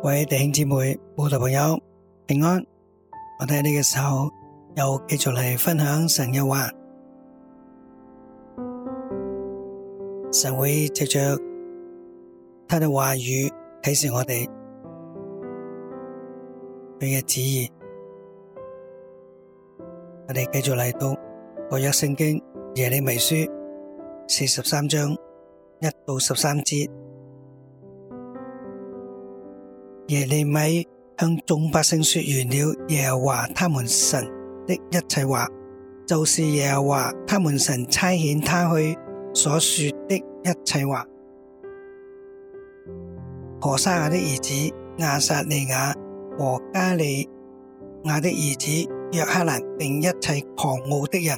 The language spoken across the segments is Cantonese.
各位弟兄姊妹、慕道朋友平安！我睇你嘅時候，又繼續嚟分享神嘅話，神會借着他嘅話語提示我哋，佢嘅旨意。我哋繼續嚟讀《舊約聖經耶利米書》四十三章一到十三節。耶利米向眾百姓說完了耶和華他們神的一切話，就是耶和華他們神差遣他去所說的一切話。何沙亞的兒子亞撒利亞和加利亞的兒子約克蘭並一切狂傲的人，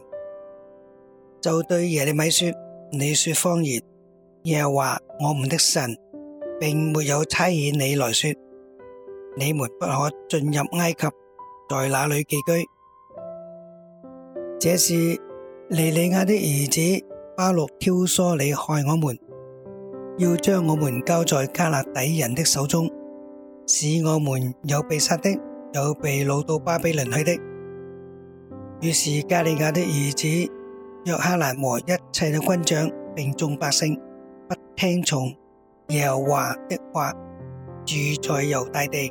就對耶利米說：你說謊言，耶和華我們的神並沒有差遣你來說。你們不可進入埃及，在那裏寄居。這是尼利，利亞的兒子巴錄挑唆你害我們，要將我們交在加勒底人的手中，使我們有被殺的，有被擄到巴比倫去的。於是加利亞的兒子約哈難和一切的軍長並眾百姓不聽從耶和華的話，住在猶大地。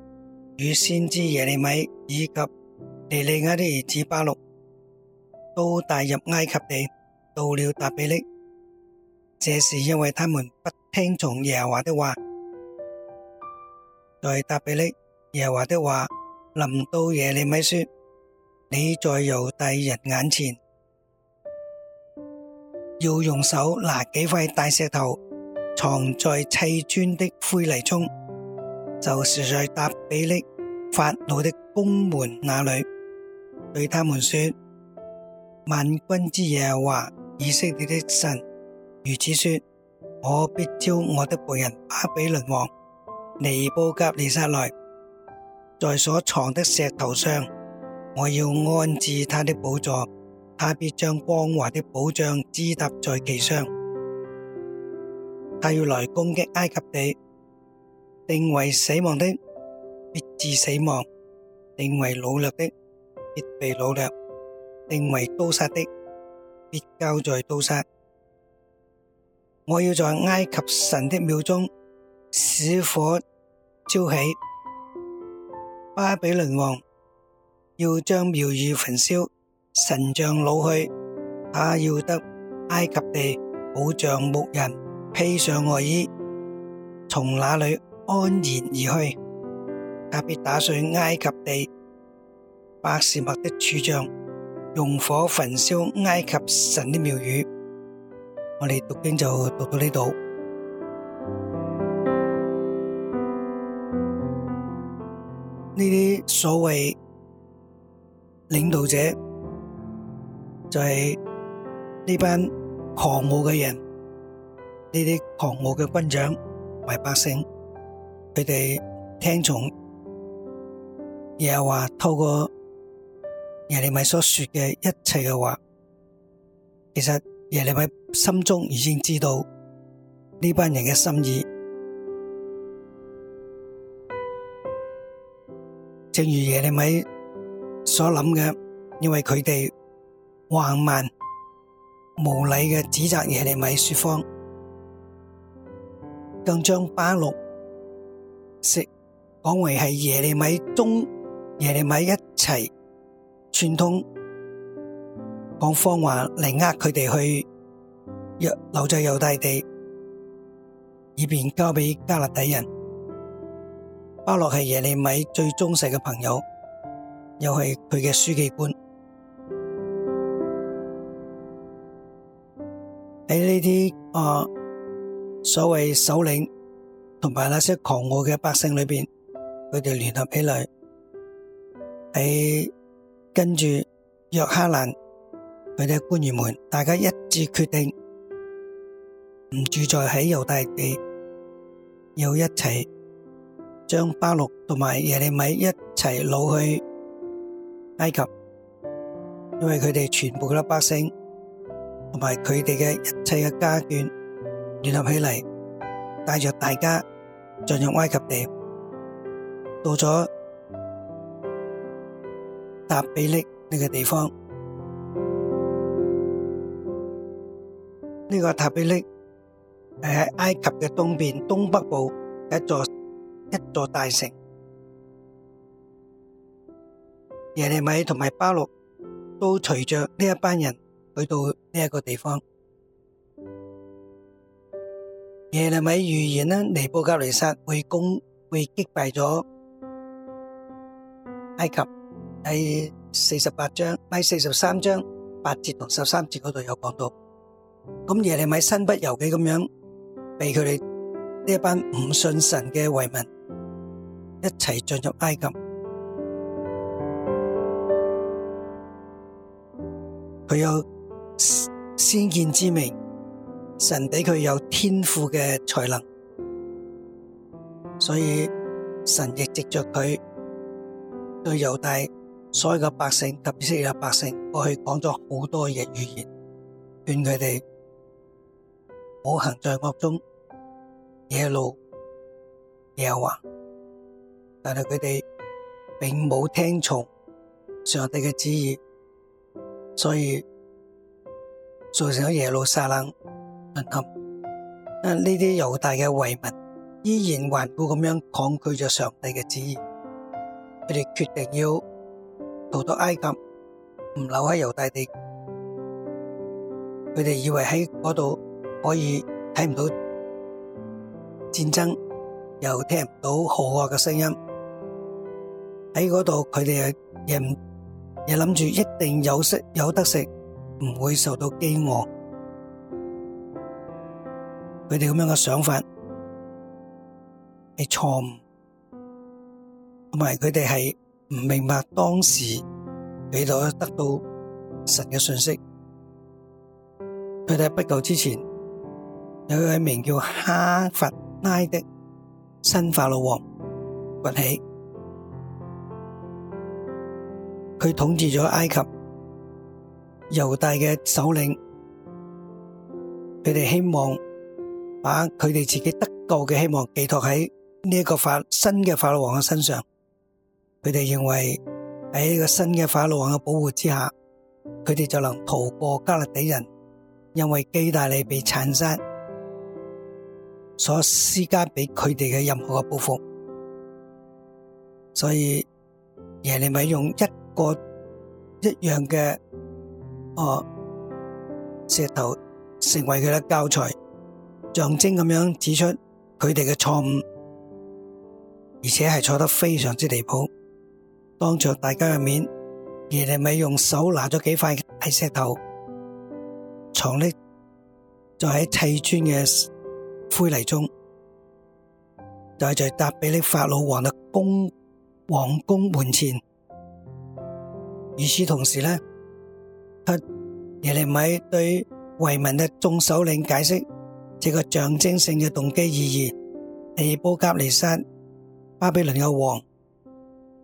與先知耶利米以及尼利亞的兒子巴錄都帶入埃及地，到了達比利。這是因為他們不聽從耶和華的話。在達比利，耶和華的話臨到耶利米說：「你在猶大人眼前，要用手拿幾塊大石頭，藏在砌磚的灰泥中，就是在達比利。」法老的宮門那裡，對他們說：萬軍之耶和華以色列的神如此說：我必招我的僕人巴比倫王尼布甲尼撒來，在所藏的石頭上，我要安置他的寶座，他必將光華的寶帳支搭在其上。他要來攻擊埃及地，定為死亡的。必致死亡，定為擄掠的，必被擄掠；定為刀殺的，必交在刀殺。我要在埃及神的廟中使火着起。巴比倫王要將廟宇焚燒，神像老去，他要得埃及地，好像牧人披上外衣，從那裡安然而去。特別打碎埃及地百事物的柱像，用火焚燒埃及神的廟宇。我哋讀經就讀到呢度。呢啲所謂領導者就係呢班狂傲嘅人，呢啲狂傲嘅軍長同埋百姓，佢哋聽從。又話透過耶利米所說嘅一切嘅話，其實耶利米心中已經知道呢班人嘅心意，正如耶利米所諗嘅，因為佢哋橫蠻無禮嘅指責耶利米說謊，更將巴錄食講為係耶利米中。耶利米一齊串通講謊話嚟，呃佢哋去約留在猶大地，以便交俾加勒底人。巴洛係耶利米最忠實嘅朋友，又係佢嘅書記官。喺呢啲啊所謂首領同埋那些狂傲嘅百姓裏邊，佢哋聯合起來。喺跟住約哈難佢哋官員們，大家一致決定唔住在喺猶大地，又一齊將巴錄同埋耶利米一齊攞去埃及，因為佢哋全部嘅百姓同埋佢哋嘅一切嘅家眷聯合起嚟，帶着大家進入埃及地，到咗。答比匿呢個地方，呢個答比匿係喺埃及嘅東邊東北部一座一座大城。耶利米同埋巴錄都隨着呢一班人去到呢一個地方。耶利米預言咧，尼布甲尼撒會攻會擊敗咗埃及。第四十八章，第四十三章八節同十三節嗰度有講到，咁耶利米身不由己咁樣被佢哋呢一班唔信神嘅遺民一齊進入埃及，佢有先見之明，神俾佢有天賦嘅才能，所以神亦藉着佢對猶大。所有嘅百姓，特別是嘅百姓，過去講咗好多嘅預言，勸佢哋唔好行在惡中，耶路耶和華，但係佢哋並冇聽從上帝嘅旨意，所以造成咗耶路撒冷淪陷。啊，呢啲猶大嘅遺民依然頑固咁樣抗拒着上帝嘅旨意，佢哋決定要。逃到埃及，唔留喺猶大地，佢哋以為喺嗰度可以睇唔到戰爭，又聽唔到浩惡嘅聲音，喺嗰度佢哋又亦唔亦諗住一定有食有得食，唔會受到飢餓。佢哋咁樣嘅想法係錯誤，同埋佢哋係。唔明白當時俾到得到神嘅信息，佢哋喺不久之前有一位名叫哈佛拉的新法老王崛起，佢統治咗埃及。猶大嘅首領，佢哋希望把佢哋自己得救嘅希望寄託喺呢一個新法新嘅法老王嘅身上。佢哋認為喺呢個新嘅法老王嘅保護之下，佢哋就能逃過加勒底人因為基大利被殘殺所施加俾佢哋嘅任何嘅報復。所以，耶利米用一個一樣嘅哦石頭，成為佢嘅教材象徵咁樣指出佢哋嘅錯誤，而且係錯得非常之離譜。當着大家嘅面，耶利米用手拿咗幾塊大石頭，藏匿在喺砌磚嘅灰泥中，就係在達比利法老王嘅宮皇宮門前。與此同時呢，耶利米對遺民嘅眾首領解釋這個象徵性嘅動機意義：尼波加尼沙巴比倫嘅王。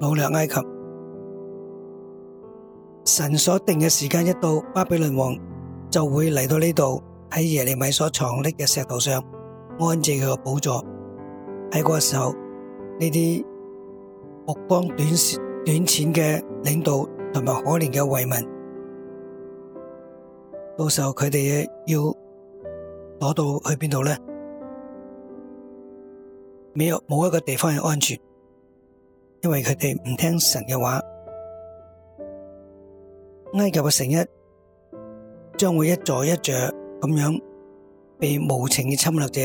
老略埃及，神所定嘅時間一到，巴比倫王就會嚟到呢度喺耶利米所藏匿嘅石頭上安置佢個寶座。喺嗰個時候，呢啲目光短短淺嘅領導同埋可憐嘅慰民，到時候佢哋要攞到去邊度咧？沒有冇一個地方係安全。因為佢哋唔聽神嘅話，埃及嘅城一將會一座一座咁樣被無情嘅侵略者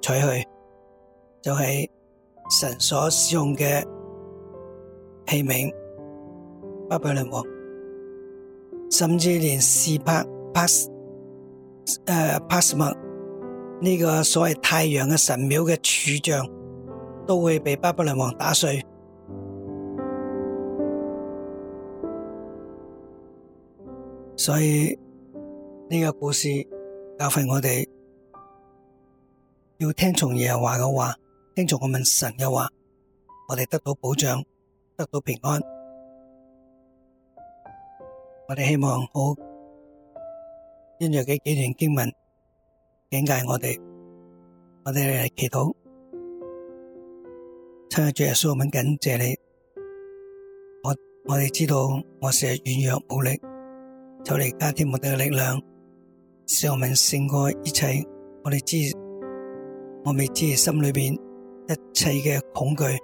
採取去，就係神所使用嘅器皿，巴比倫王，甚至連四帕帕，帕斯誒、啊、帕斯麥呢、這個所謂太陽嘅神廟嘅柱像。都會被巴布倫王打碎，所以呢、這個故事教訓我哋要聽從耶和華嘅話，聽從我們神嘅話，我哋得到保障，得到平安。我哋希望好，因着幾幾段經文警戒我哋，我哋嚟祈禱。親愛主耶穌，我們感謝你，我我哋知道我成日軟弱無力，就嚟加添無得嘅力量，使我們勝過一切，我哋知我未知心裏邊一切嘅恐懼，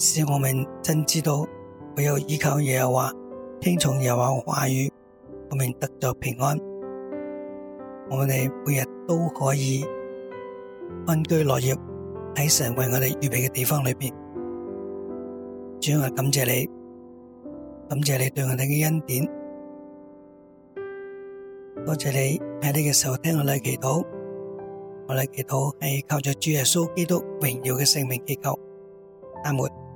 使我們真知道我要依靠耶和華，聽從耶和華，話語，我們得着平安，我哋每日都可以安居樂業。喺神為我哋預備嘅地方裏邊，主要係感謝你，感謝你對我哋嘅恩典，多謝你喺呢個時候聽我哋祈禱，我哋祈禱係靠著主耶穌基督榮耀嘅聖名祈求，阿門。